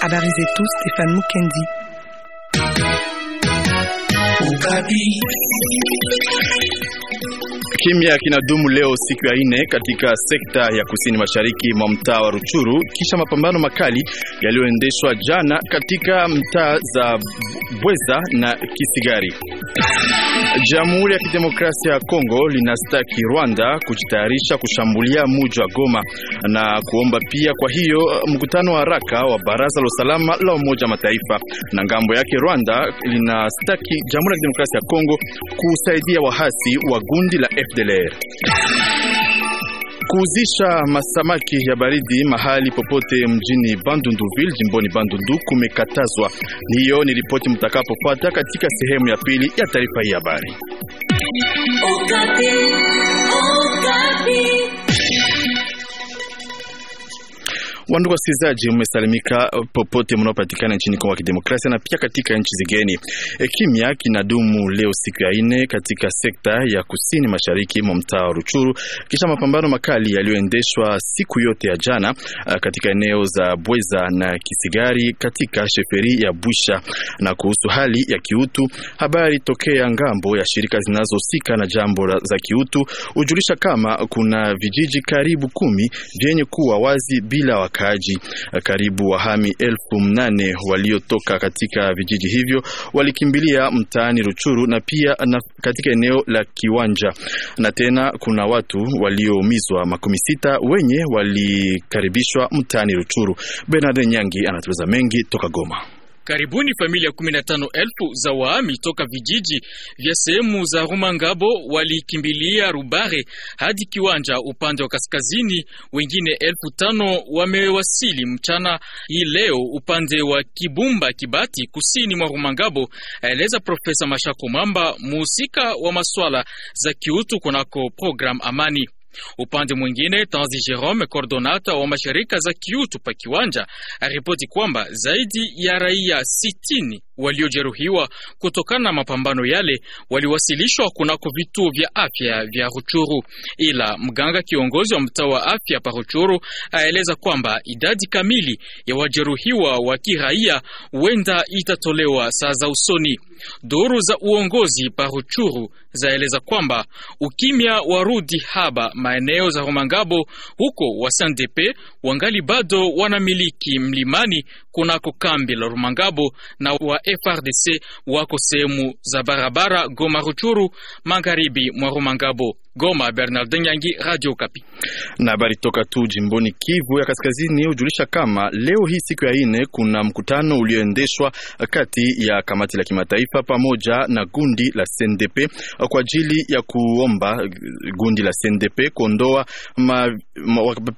Habari zetu Stéphane Mukendi. Kimya kinadumu leo siku ya ine katika sekta ya kusini mashariki mwa mtaa wa Ruchuru kisha mapambano makali yaliyoendeshwa jana katika mtaa za Bweza na Kisigari. Jamhuri ya Kidemokrasia ya Kongo linastaki Rwanda kujitayarisha kushambulia muji wa Goma na kuomba pia kwa hiyo eh, mkutano wa haraka wa Baraza la Usalama la Umoja Mataifa. Na ngambo yake Rwanda linastaki Jamhuri ya Kidemokrasia ya Kongo kusaidia wahasi wa gundi la FDLR. Kuuzisha masamaki ya baridi mahali popote mjini Bandunduville jimboni Bandundu kumekatazwa. Hiyo ni ripoti mtakapopata katika sehemu ya pili ya taarifa hii habari. Wandugu wasikilizaji, mmesalimika popote mnaopatikana nchini Kongo ya Kidemokrasia na pia katika nchi zigeni. E, kimya kinadumu leo siku ya nne katika sekta ya kusini mashariki mwa mtaa wa Ruchuru kisha mapambano makali yaliyoendeshwa siku yote ya jana katika eneo za Bweza na Kisigari katika sheferi ya Bwisha. Na kuhusu hali ya kiutu, habari tokea ngambo ya shirika zinazohusika na jambo za kiutu hujulisha kama kuna vijiji karibu kumi vyenye kuwa wazi bila wakaaji. Eh, karibu wahami elfu mnane waliotoka katika vijiji hivyo walikimbilia mtaani Ruchuru na pia na katika eneo la Kiwanja, na tena kuna watu walioumizwa makumi sita wenye walikaribishwa mtaani Ruchuru. Bernard Nyangi anatueleza mengi toka Goma. Karibuni familia 15,000 za waami toka vijiji vya sehemu za Rumangabo walikimbilia Rubare hadi Kiwanja upande wa kaskazini. Wengine 5,000 wamewasili mchana hii leo upande wa Kibumba Kibati, kusini mwa Rumangabo, aeleza Profesa Mashako Mamba, muhusika wa maswala za kiutu kunako program Amani. Upande mwingine, Tanzi Jerome, kordonata wa mashirika za kiutu pa kiwanja, aripoti kwamba zaidi ya raia sitini Waliojeruhiwa kutokana na mapambano yale waliwasilishwa kunako vituo vya afya vya Ruchuru, ila mganga kiongozi wa mtaa wa afya pa Ruchuru aeleza kwamba idadi kamili ya wajeruhiwa wa kiraia huenda itatolewa saa za usoni. Duru za uongozi pa Ruchuru zaeleza kwamba ukimya warudi haba maeneo za Rumangabo, huko wa wangali bado wanamiliki mlimani kunako kambi la Rumangabo na wa FRDC wako sehemu za barabara Goma Ruchuru magharibi mwa Rumangabo. Goma, Bernard Nyangi, Radio Kapi. Na habari toka tu jimboni Kivu ya Kaskazini hujulisha kama leo hii siku ya ine kuna mkutano ulioendeshwa kati ya kamati la kimataifa pamoja na gundi la CNDP kwa ajili ya kuomba gundi la CNDP kuondoa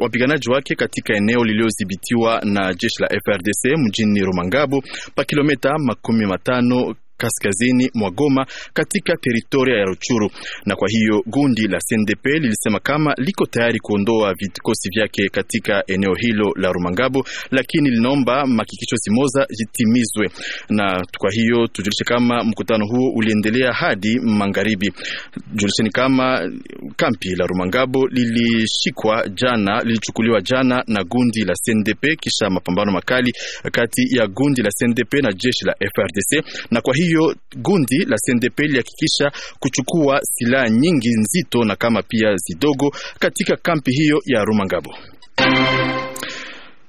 wapiganaji wake katika eneo lililodhibitiwa na jeshi la FRDC mjini Rumangabu pa kilomita makumi matano kaskazini mwa Goma katika teritoria ya Ruchuru. Na kwa hiyo gundi la CNDP lilisema kama liko tayari kuondoa vikosi vyake katika eneo hilo la Rumangabo, lakini linaomba makikisho Simoza jitimizwe. Na kwa hiyo tujulishe kama mkutano huo uliendelea hadi magharibi. Julisheni kama kampi la Rumangabo lilishikwa jana, lilichukuliwa jana na gundi la CNDP kisha mapambano makali kati ya gundi la CNDP na jeshi la FRDC na kwa hiyo hiyo gundi la CNDP lihakikisha kuchukua silaha nyingi nzito na kama pia zidogo katika kampi hiyo ya Rumangabo.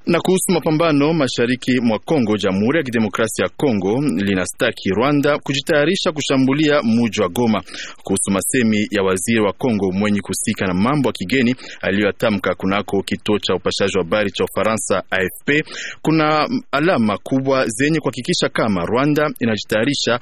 Na kuhusu mapambano mashariki mwa Kongo, Jamhuri ya Kidemokrasia ya Kongo linastaki Rwanda kujitayarisha kushambulia muji wa Goma. Kuhusu masemi ya waziri wa Kongo mwenye kuhusika na mambo ya kigeni aliyoyatamka kunako kituo cha upashaji wa habari cha Ufaransa AFP, kuna alama kubwa zenye kuhakikisha kama Rwanda inajitayarisha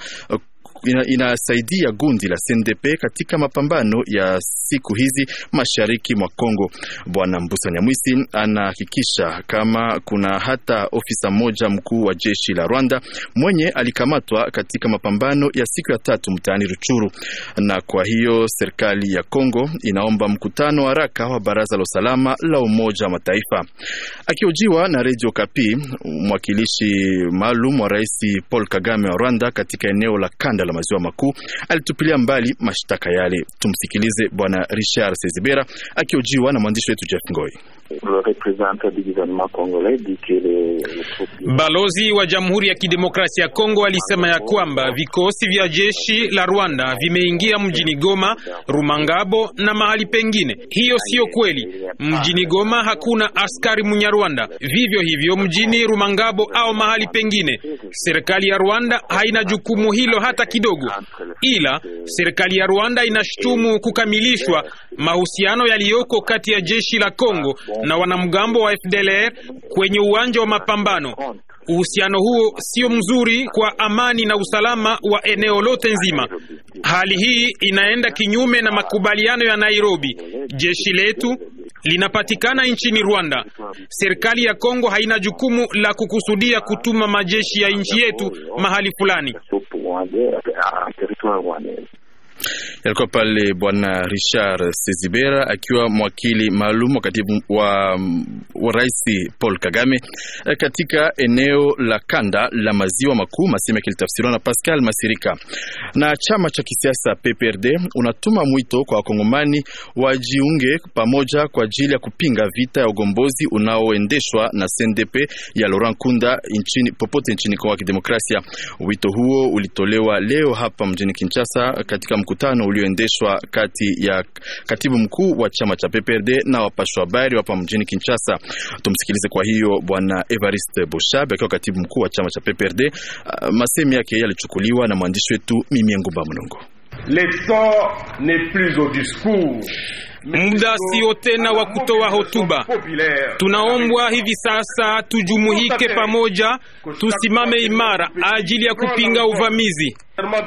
inasaidia gundi la CNDP katika mapambano ya siku hizi mashariki mwa Kongo. Bwana Mbusa Nyamwisi anahakikisha kama kuna hata ofisa mmoja mkuu wa jeshi la Rwanda mwenye alikamatwa katika mapambano ya siku ya tatu mtaani Ruchuru, na kwa hiyo serikali ya Kongo inaomba mkutano wa haraka wa baraza la usalama la Umoja wa Mataifa. Akiojiwa na Radio Kapi, mwakilishi maalum wa Rais Paul Kagame wa Rwanda katika eneo la kanda la maziwa makuu alitupilia mbali mashtaka yale. Tumsikilize Bwana Richard Sezibera akiojiwa na mwandishi wetu Jeff Ngoi. Balozi wa Jamhuri ya Kidemokrasia ya Kongo alisema ya kwamba vikosi vya jeshi la Rwanda vimeingia mjini Goma, Rumangabo na mahali pengine. Hiyo siyo kweli. Mjini Goma hakuna askari Munyarwanda, vivyo hivyo mjini Rumangabo au mahali pengine. Serikali ya Rwanda haina jukumu hilo hata kidogo, ila serikali ya Rwanda inashutumu kukamilishwa mahusiano yaliyoko kati ya jeshi la Kongo na wanamgambo wa FDLR kwenye uwanja wa mapambano. Uhusiano huo sio mzuri kwa amani na usalama wa eneo lote nzima. Hali hii inaenda kinyume na makubaliano ya Nairobi. Jeshi letu linapatikana nchini Rwanda. Serikali ya Kongo haina jukumu la kukusudia kutuma majeshi ya nchi yetu mahali fulani. Yalikuwa pale bwana Richard Sezibera akiwa mwakili maalum wa katibu wa, wa rais Paul Kagame eh, katika eneo la kanda la maziwa makuu, maseme kilitafsiriwa na Pascal Masirika. Na chama cha kisiasa PPRD unatuma mwito kwa wakongomani wajiunge pamoja kwa ajili ya kupinga vita ya ugombozi unaoendeshwa na CNDP ya Laurent Kunda inchini, popote nchini Kongo ya Kidemokrasia. Wito huo ulitolewa leo hapa mjini Kinshasa katika mkutu mkutano ulioendeshwa kati ya katibu mkuu wa chama cha PPRD na wapashwa habari hapa mjini Kinshasa. Tumsikilize kwa hiyo bwana Evariste Boshab akiwa katibu mkuu wa chama cha PPRD. Uh, masemi yake yalichukuliwa na mwandishi wetu au discours muda sio tena wa kutoa hotuba. Tunaombwa hivi sasa tujumuike pamoja, tusimame imara ajili ya kupinga uvamizi.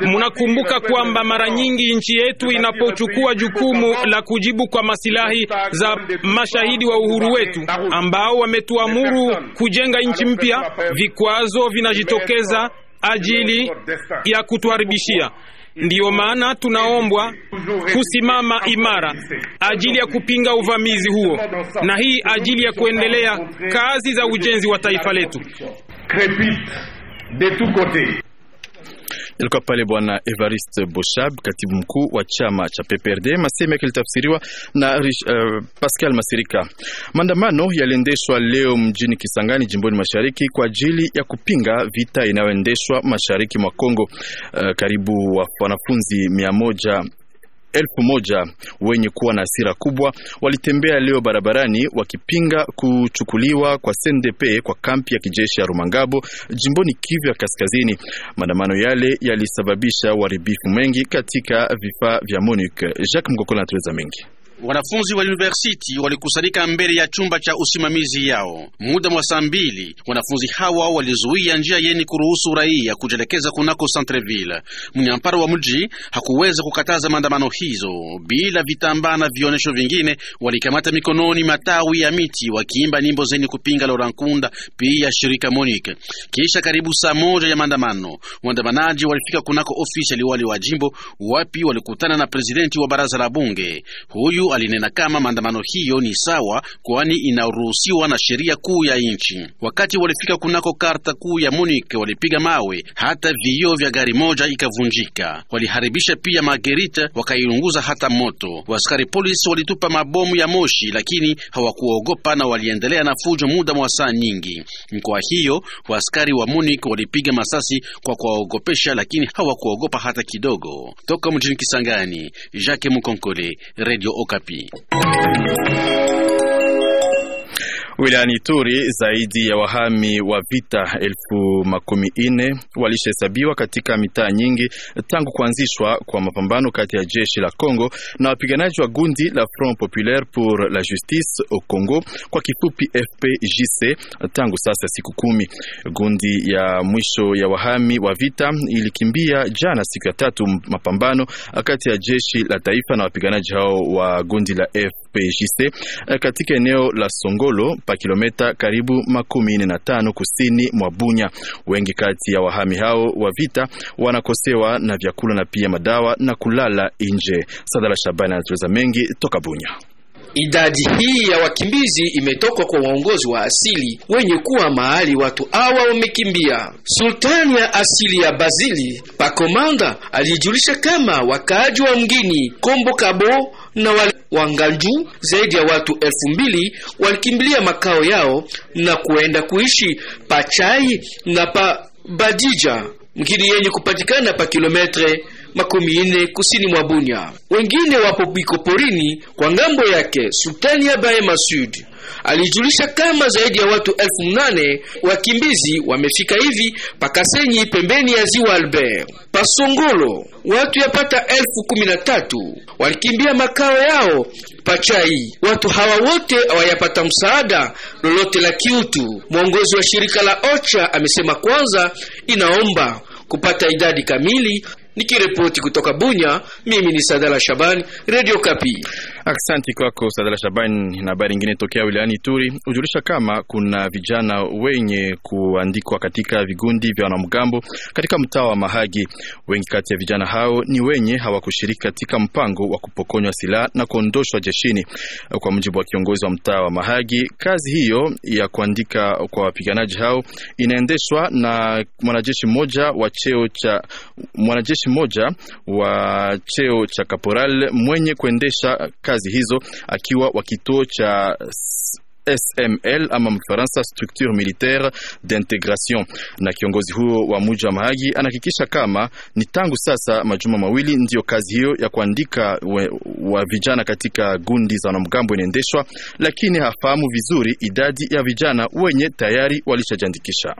mnakumbuka kwamba mara nyingi nchi yetu inapochukua jukumu la kujibu kwa masilahi za mashahidi wa uhuru wetu ambao wametuamuru kujenga nchi mpya, vikwazo vinajitokeza ajili ya kutuharibishia. Ndiyo maana tunaombwa kusimama imara ajili ya kupinga uvamizi huo, na hii ajili ya kuendelea kazi za ujenzi wa taifa letu. Ilikuwa pale bwana evarist Boshab, katibu mkuu wa chama cha PPRD, maseme yake ilitafsiriwa na uh, Pascal Masirika. Maandamano yaliendeshwa leo mjini Kisangani, jimboni mashariki kwa ajili ya kupinga vita inayoendeshwa mashariki mwa Kongo. Uh, karibu wanafunzi mia moja elfu moja wenye kuwa na hasira kubwa walitembea leo barabarani wakipinga kuchukuliwa kwa CNDP kwa kampi ya kijeshi ya Rumangabo jimboni Kivu ya Kaskazini. Maandamano yale yalisababisha uharibifu mengi katika vifaa vya MONUC. Jacques Mgokola anatueleza mengi. Wanafunzi wa university walikusanyika mbele ya chumba cha usimamizi yao muda mwa saa mbili. Wanafunzi hawa walizuia njia yeni kuruhusu raia kujelekeza kunako Centreville. Mnyamparo wa mji hakuweza kukataza maandamano hizo. Bila vitambaa na vionesho vingine, walikamata mikononi matawi ya miti wakiimba nyimbo zeni kupinga Laurent Nkunda, pia shirika Monique. Kisha karibu saa moja ya maandamano, waandamanaji walifika kunako ofisi ya liwali wa jimbo, wapi walikutana na presidenti wa baraza la bunge huyu alinena kama maandamano hiyo ni sawa, kwani inaruhusiwa na sheria kuu ya nchi. Wakati walifika kunako karta kuu ya Munich, walipiga mawe hata vioo vya gari moja ikavunjika, waliharibisha pia magerita, wakaiunguza hata moto. Waskari polisi walitupa mabomu ya moshi, lakini hawakuogopa na waliendelea na fujo muda mwa saa nyingi. Kwa hiyo waskari wa Munich walipiga masasi kwa kuwaogopesha, lakini hawakuogopa hata kidogo. Toka mjini Kisangani, Jacques Mukonkole, Radio Okapi. vie. Wilayani Ituri zaidi ya wahami wa vita elfu makumi ine walishahesabiwa katika mitaa nyingi tangu kuanzishwa kwa mapambano kati ya jeshi la Congo na wapiganaji wa gundi la Front Populaire pour la Justice au Congo, kwa kifupi FPJC, tangu sasa siku kumi. Gundi ya mwisho ya wahami wa vita ilikimbia jana siku ya tatu mapambano kati ya jeshi la taifa na wapiganaji hao wa gundi la FPJC katika eneo la Songolo pa kilomita karibu makumi nne na tano kusini mwa Bunya. Wengi kati ya wahami hao wa vita wanakosewa na vyakula na pia madawa na kulala nje. Sadala Shabani anatueleza mengi toka Bunya. Idadi hii ya wakimbizi imetoka kwa waongozi wa asili wenye kuwa mahali watu hawa wamekimbia. Sultani ya asili ya Bazili Pakomanda alijulisha kama wakaaji wa mgini Kombo Kabo na Wanganju zaidi ya watu elfu mbili walikimbilia makao yao na kuenda kuishi Pachai na pa Badija mgini yenye kupatikana pa kilometre makumi ine kusini mwa Bunya, wengine wapo porini kwa ngambo yake. Sultani ya Bae Masud alijulisha kama zaidi ya watu elfu mnane wakimbizi wamefika hivi Pakasenyi, pembeni ya ziwa Albert. Pasongolo watu yapata elfu kumi na tatu walikimbia makao yao Pachai. Watu hawa wote hawayapata msaada lolote la kiutu. Mwongozi wa shirika la OCHA amesema kwanza inaomba kupata idadi kamili Nikiripoti kutoka Bunya, mimi ni Sadala Shabani, Radio Kapi. Aksanti kwako Sadala Shaban. Na habari ingine tokea wilayani Turi hujulisha kama kuna vijana wenye kuandikwa katika vigundi vya wanamgambo katika mtaa wa Mahagi. Wengi kati ya vijana hao ni wenye hawakushiriki katika mpango wa kupokonywa silaha na kuondoshwa jeshini. Kwa mujibu wa kiongozi wa mtaa wa Mahagi, kazi hiyo ya kuandika kwa wapiganaji hao inaendeshwa na mwanajeshi mmoja wa cheo cha mwanajeshi mmoja wa cheo cha kaporal mwenye kuendesha kazi kazi hizo akiwa wa kituo cha SML ama Mfaransa, structure militaire d'integration. Na kiongozi huo wa muji wa Mahagi anahakikisha kama ni tangu sasa majuma mawili ndiyo kazi hiyo ya kuandika wa vijana katika gundi za wanamgambo inaendeshwa, lakini hafahamu vizuri idadi ya vijana wenye tayari walishajiandikisha.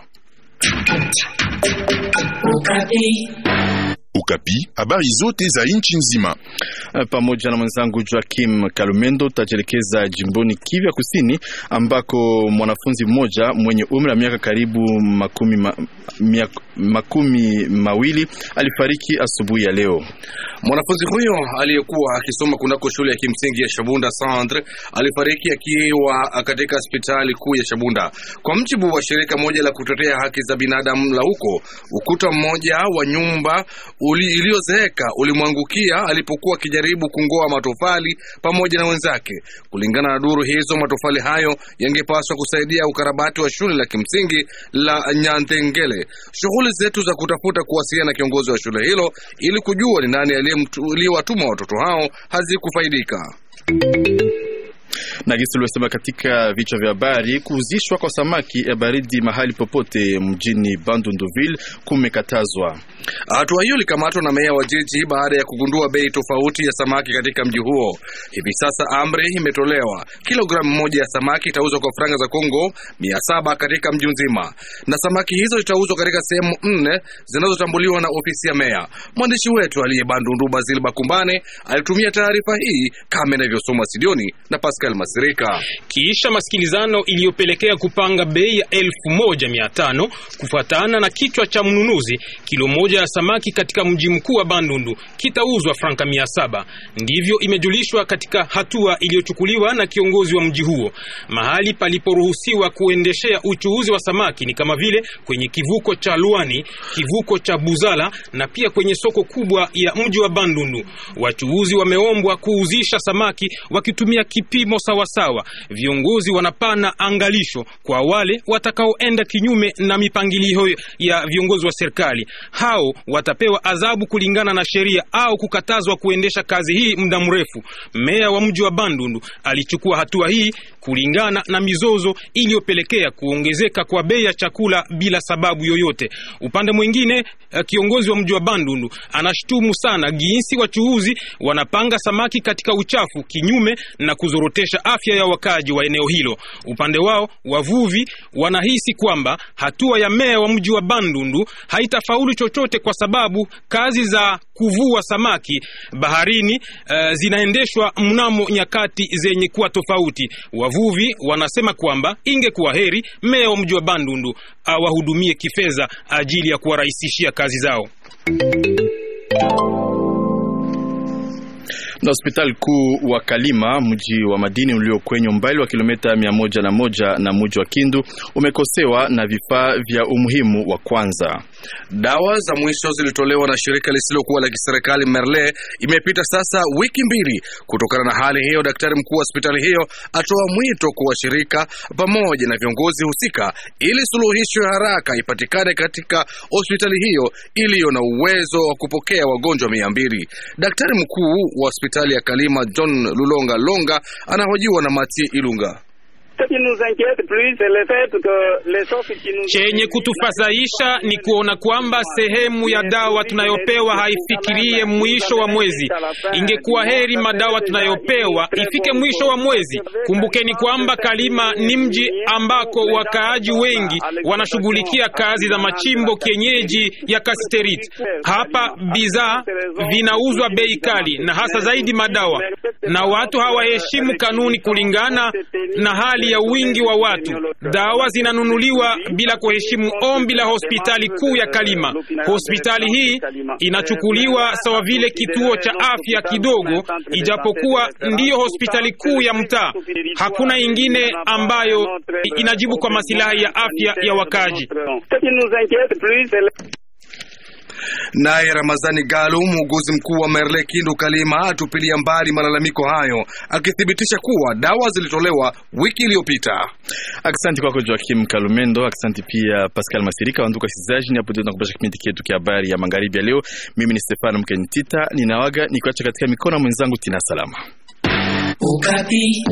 Ukapi, habari zote za nchi nzima. Eh, pamoja na mwenzangu Joakim Kalumendo, tajelekeza jimboni Kivya Kusini, ambako mwanafunzi mmoja mwenye umri wa miaka karibu makumi ma, miaka makumi mawili alifariki asubuhi ya leo. Mwanafunzi huyo aliyekuwa akisoma kunako shule ya kimsingi ya Shabunda Centre alifariki akiwa katika hospitali kuu ya Shabunda, kwa mjibu wa shirika moja la kutetea haki za binadamu la huko. Ukuta mmoja wa nyumba iliyozeeka ulimwangukia alipokuwa akijaribu kungoa matofali pamoja na wenzake. Kulingana na duru hizo, matofali hayo yangepaswa kusaidia ukarabati wa shule la kimsingi la Nyantengele. Shughuli shughuli zetu za kutafuta kuwasiliana na kiongozi wa shule hilo ili kujua ni nani aliyewatuma watoto hao hazikufaidika na gisi uliosema katika vichwa vya habari, kuuzishwa kwa samaki ya baridi mahali popote mjini Bandunduville kumekatazwa. Hatua hiyo ilikamatwa na meya wa jiji baada ya kugundua bei tofauti ya samaki katika mji huo. Hivi sasa amri imetolewa, kilogramu moja ya samaki itauzwa kwa franga za Kongo mia saba katika mji mzima, na samaki hizo zitauzwa katika sehemu nne zinazotambuliwa na ofisi ya meya. Mwandishi wetu aliye Bandundu Bakumbane alitumia taarifa hii kama inavyosomwa Sidioni na Pascal Mas wanaathirika. Kisha masikilizano iliyopelekea kupanga bei ya elfu moja mia tano kufuatana na kichwa cha mnunuzi, kilo moja ya samaki katika mji mkuu wa Bandundu kitauzwa franka mia saba. Ndivyo imejulishwa katika hatua iliyochukuliwa na kiongozi wa mji huo. Mahali paliporuhusiwa kuendeshea uchuuzi wa samaki ni kama vile kwenye kivuko cha Luani, kivuko cha Buzala na pia kwenye soko kubwa ya mji wa Bandundu. Wachuuzi wameombwa kuuzisha samaki wakitumia kipimo sawa sawasawa, viongozi wanapana angalisho kwa wale watakaoenda kinyume na mipangilio ya viongozi wa serikali. Hao watapewa adhabu kulingana na sheria au kukatazwa kuendesha kazi hii muda mrefu. Meya wa mji wa Bandundu alichukua hatua hii kulingana na mizozo iliyopelekea kuongezeka kwa bei ya chakula bila sababu yoyote. Upande mwingine, eh, kiongozi wa mji wa Bandundu anashtumu sana jinsi wachuuzi wanapanga samaki katika uchafu kinyume na kuzorotesha afya ya wakaji wa eneo hilo. Upande wao wavuvi wanahisi kwamba hatua ya meya wa mji wa Bandundu haitafaulu chochote kwa sababu kazi za kuvua samaki baharini uh, zinaendeshwa mnamo nyakati zenye kuwa tofauti. Wavuvi wanasema kwamba ingekuwa heri meya wa mji wa Bandundu awahudumie kifedha ajili ya kuwarahisishia kazi zao na hospitali kuu wa Kalima, mji wa madini ulio kwenye umbali wa kilomita mia moja na moja na mji wa Kindu umekosewa na vifaa vya umuhimu wa kwanza. Dawa za mwisho zilitolewa na shirika lisilokuwa la kiserikali Merle. Imepita sasa wiki mbili. Kutokana na hali hiyo, daktari mkuu wa hospitali hiyo atoa mwito kwa washirika pamoja na viongozi husika ili suluhisho ya haraka ipatikane katika hospitali hiyo iliyo na uwezo wa kupokea wagonjwa mia mbili. Daktari mkuu wa hospitali ya Kalima John Lulonga Longa anahojiwa na Mati Ilunga. Chenye kutufadhaisha ni kuona kwamba sehemu ya dawa tunayopewa haifikirie mwisho wa mwezi. Ingekuwa heri madawa tunayopewa ifike mwisho wa mwezi. Kumbukeni kwamba Kalima ni mji ambako wakaaji wengi wanashughulikia kazi za machimbo kienyeji ya kasterit. Hapa bidhaa vinauzwa bei kali, na hasa zaidi madawa, na watu hawaheshimu kanuni kulingana na hali ya wingi wa watu. Dawa zinanunuliwa bila kuheshimu ombi la hospitali kuu ya Kalima. Hospitali hii inachukuliwa sawa vile kituo cha afya kidogo, ijapokuwa ndiyo hospitali kuu ya mtaa. Hakuna ingine ambayo inajibu kwa masilahi ya afya ya wakaji. Naye Ramazani Galu, muuguzi mkuu wa Merle Kindu Kalima, atupilia mbali malalamiko hayo akithibitisha kuwa dawa zilitolewa wiki iliyopita. Aksanti kwako Joakim Kalumendo, aksanti pia Pascal Masirika. Wanduka sizaji, ni hapo ndio kipindi chetu cha habari ya magharibi ya leo. Mimi ni Stefano Mkenitita, ninawaga nikuacha katika mikono mwenzangu Tina Salama Ukati.